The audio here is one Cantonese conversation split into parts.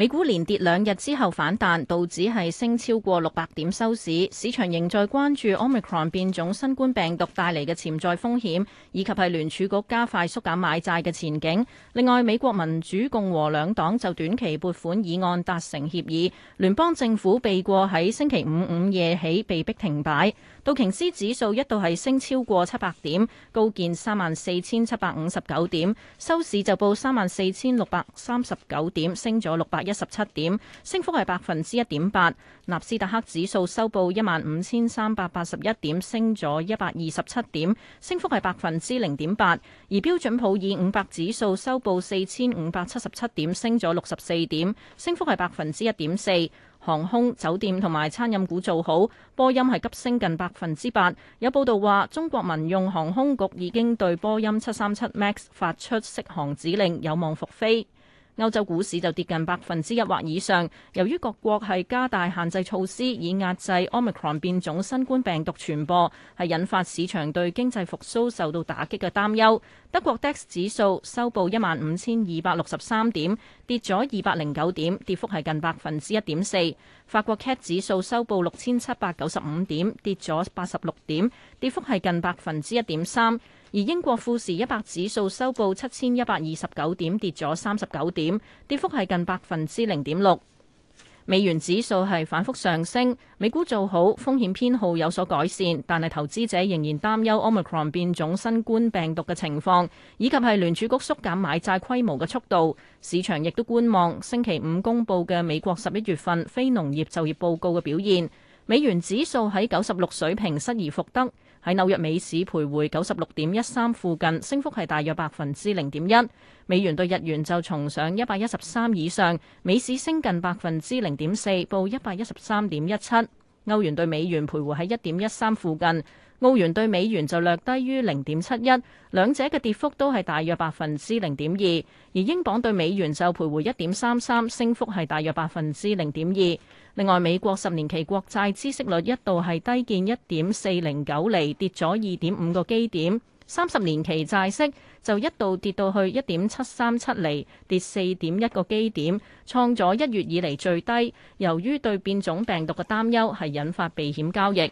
美股連跌兩日之後反彈，道指係升超過六百點收市。市場仍在關注 Omicron 變種新冠病毒帶嚟嘅潛在風險，以及係聯儲局加快縮減買債嘅前景。另外，美國民主共和兩黨就短期撥款議案達成協議，聯邦政府避過喺星期五午夜起被迫停擺。道瓊斯指數一度係升超過七百點，高見三萬四千七百五十九點，收市就報三萬四千六百三十九點，升咗六百一。一十七點，升幅係百分之一點八。納斯達克指數收報一萬五千三百八十一點，升咗一百二十七點，升幅係百分之零點八。而標準普爾五百指數收報四千五百七十七點，升咗六十四點，升幅係百分之一點四。航空、酒店同埋餐飲股做好，波音係急升近百分之八。有報道話，中國民用航空局已經對波音七三七 MAX 發出適航指令，有望復飛。歐洲股市就跌近百分之一或以上，由於各國係加大限制措施以壓制 Omicron 變種新冠病毒傳播，係引發市場對經濟復甦受到打擊嘅擔憂。德國 DAX 指數收報一萬五千二百六十三點，跌咗二百零九點，跌幅係近百分之一點四。法國 CAC 指數收報六千七百九十五點，跌咗八十六點，跌幅係近百分之一點三。而英國富時一百指數收報七千一百二十九點，跌咗三十九點，跌幅係近百分之零點六。美元指數係反覆上升，美股做好，風險偏好有所改善，但係投資者仍然擔憂 Omicron 變種新冠病毒嘅情況，以及係聯儲局縮減買債規模嘅速度。市場亦都觀望星期五公佈嘅美國十一月份非農業就業報告嘅表現。美元指數喺九十六水平失而復得。喺紐約美市徘徊九十六點一三附近，升幅係大約百分之零點一。美元兌日元就重上一百一十三以上，美市升近百分之零點四，報一百一十三點一七。歐元兌美元徘徊喺一點一三附近。澳元對美元就略低於零點七一，兩者嘅跌幅都係大約百分之零點二。而英鎊對美元就徘徊一點三三，升幅係大約百分之零點二。另外，美國十年期國債孳息率一度係低見一點四零九厘，跌咗二點五個基點。三十年期債息就一度跌到去一點七三七厘，跌四點一個基點，創咗一月以嚟最低。由於對變種病毒嘅擔憂係引發避險交易。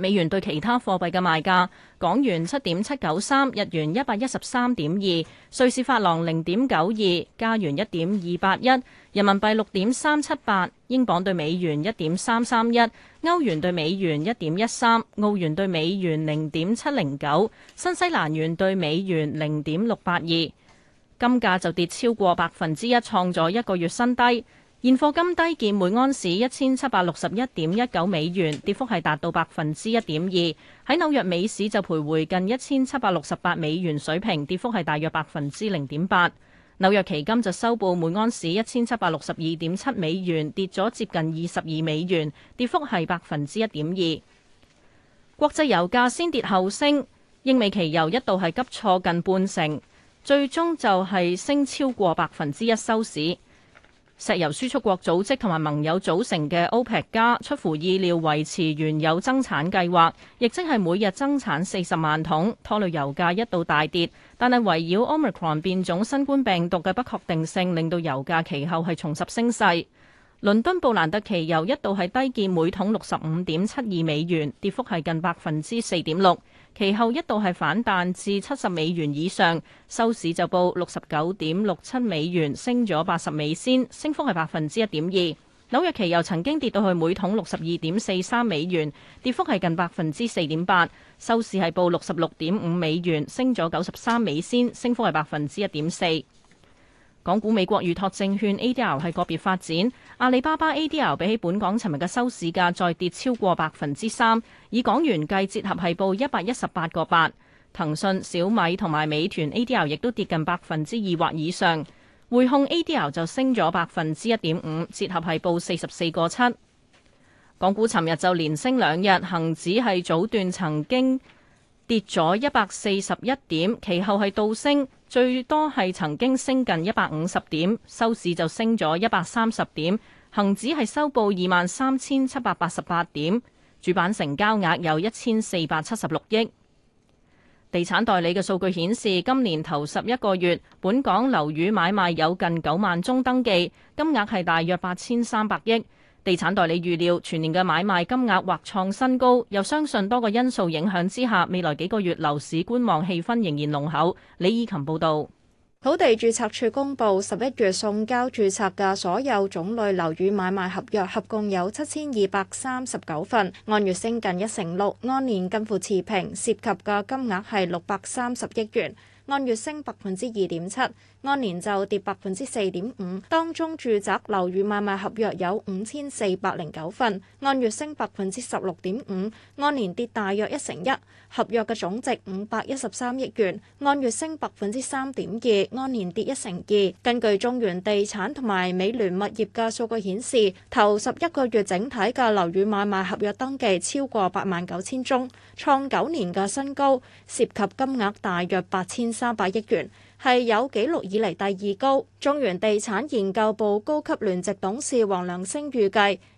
美元對其他貨幣嘅賣價：港元七點七九三，日元一百一十三點二，瑞士法郎零點九二，加元一點二八一，人民幣六點三七八，英鎊對美元一點三三一，歐元對美元一點一三，澳元對美元零點七零九，新西蘭元對美元零點六八二。金價就跌超過百分之一，創咗一個月新低。現貨金低見每安士一千七百六十一點一九美元，跌幅係達到百分之一點二。喺紐約美市就徘徊近一千七百六十八美元水平，跌幅係大約百分之零點八。紐約期金就收報每安士一千七百六十二點七美元，跌咗接近二十二美元，跌幅係百分之一點二。國際油價先跌後升，英美期油一度係急挫近半成，最終就係升超過百分之一收市。石油輸出國組織同埋盟友組成嘅 OPEC 加出乎意料維持原有增產計劃，亦即係每日增產四十萬桶，拖累油價一度大跌。但係圍繞 Omicron 變種新冠病毒嘅不確定性，令到油價其後係重拾升勢。倫敦布蘭特期油一度係低見每桶六十五點七二美元，跌幅係近百分之四點六。其後一度係反彈至七十美元以上，收市就報六十九點六七美元，升咗八十美仙，升幅係百分之一點二。紐約期油曾經跌到去每桶六十二點四三美元，跌幅係近百分之四點八，收市係報六十六點五美元，升咗九十三美仙，升幅係百分之一點四。港股美國預託證券 ADR 係個別發展，阿里巴巴 ADR 比起本港尋日嘅收市價再跌超過百分之三，以港元計，折合係報一百一十八個八。騰訊、小米同埋美團 ADR 亦都跌近百分之二或以上，匯控 ADR 就升咗百分之一點五，折合係報四十四個七。港股尋日就連升兩日，恒指係早段曾經跌咗一百四十一點，其後係倒升。最多係曾經升近一百五十點，收市就升咗一百三十點。恒指係收報二萬三千七百八十八點，主板成交額有一千四百七十六億。地產代理嘅數據顯示，今年頭十一個月，本港樓宇買賣有近九萬宗登記，金額係大約八千三百億。地產代理預料全年嘅買賣金額或創新高，又相信多個因素影響之下，未來幾個月樓市觀望氣氛仍然濃厚。李以琴報道，土地注冊處公布十一月送交注冊嘅所有種類樓宇買賣合約，合共有七千二百三十九份，按月升近一成六，按年近乎持平，涉及嘅金額係六百三十億元，按月升百分之二點七。按年就跌百分之四點五，當中住宅樓宇買賣合約有五千四百零九份，按月升百分之十六點五，按年跌大約一成一，合約嘅總值五百一十三億元，按月升百分之三點二，按年跌一成二。根據中原地產同埋美聯物業嘅數據顯示，頭十一個月整體嘅樓宇買賣合約登記超過八萬九千宗，創九年嘅新高，涉及金額大約八千三百億元。係有紀錄以嚟第二高。中原地產研究部高級聯席董事黃良星預計。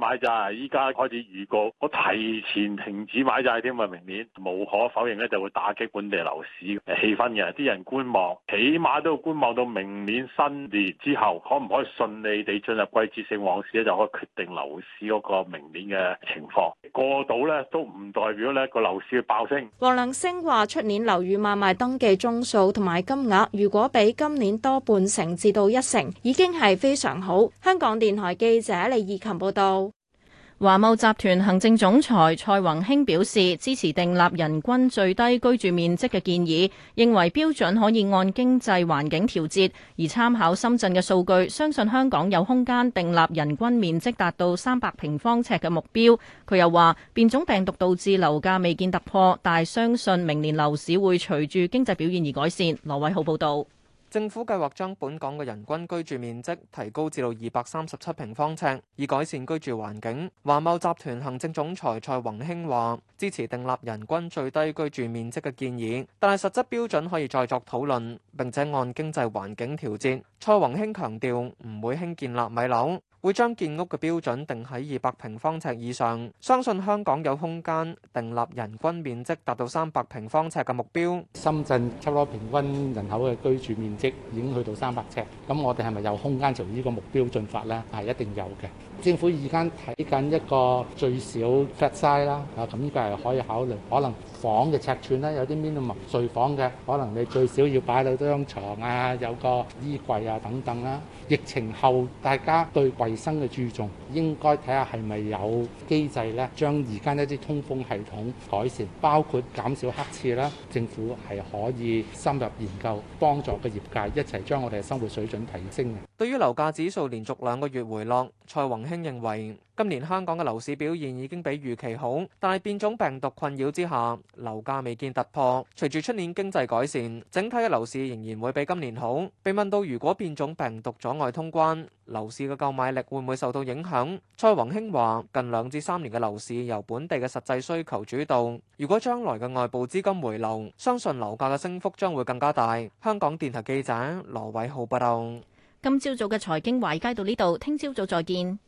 買債依家開始預告，我提前停止買債添啊！明年無可否認咧，就會打擊本地樓市嘅氣氛嘅。啲人觀望，起碼都要觀望到明年新年之後，可唔可以順利地進入季節性往事咧，就可以決定樓市嗰個明年嘅情況。過度咧都唔代表咧個樓市嘅爆升。黃良昇話：出年樓宇買賣登記宗數同埋金額，如果比今年多半成至到一成，已經係非常好。香港電台記者李義琴報道。華茂集團行政總裁蔡宏興表示支持訂立人均最低居住面積嘅建議，認為標準可以按經濟環境調節，而參考深圳嘅數據，相信香港有空間訂立人均面積達到三百平方尺嘅目標。佢又話，變種病毒導致樓價未見突破，但係相信明年樓市會隨住經濟表現而改善。羅偉浩報道。政府計劃將本港嘅人均居住面積提高至到二百三十七平方尺，以改善居住環境。華懋集團行政總裁蔡宏興話：支持訂立人均最低居住面積嘅建議，但係實質標準可以再作討論，並且按經濟環境調節。蔡宏興強調唔會興建納米樓。會將建屋嘅標準定喺二百平方尺以上，相信香港有空間訂立人均面積達到三百平方尺嘅目標。深圳差唔多平均人口嘅居住面積已經去到三百尺，咁我哋係咪有空間從呢個目標進發呢？係一定有嘅。政府而家睇緊一個最少 flat size 啦，啊咁呢個係可以考慮，可能房嘅尺寸啦，有啲 mini 睡房嘅，可能你最少要擺到張床啊，有個衣櫃啊等等啦、啊。疫情後大家對衞生嘅注重，應該睇下係咪有機制咧，將而家一啲通風系統改善，包括減少黑黴啦。政府係可以深入研究，幫助嘅業界一齊將我哋嘅生活水準提升。對於樓價指數連續兩個月回落，蔡宏興認為今年香港嘅樓市表現已經比預期好，但係變種病毒困擾之下，樓價未見突破。隨住出年經濟改善，整體嘅樓市仍然會比今年好。被問到如果變種病毒阻礙通關，樓市嘅購買力會唔會受到影響？蔡宏興話：近兩至三年嘅樓市由本地嘅實際需求主導，如果將來嘅外部資金回流，相信樓價嘅升幅將會更加大。香港電台記者羅偉浩報道。今朝早嘅財經華爾街到呢度，聽朝早再見。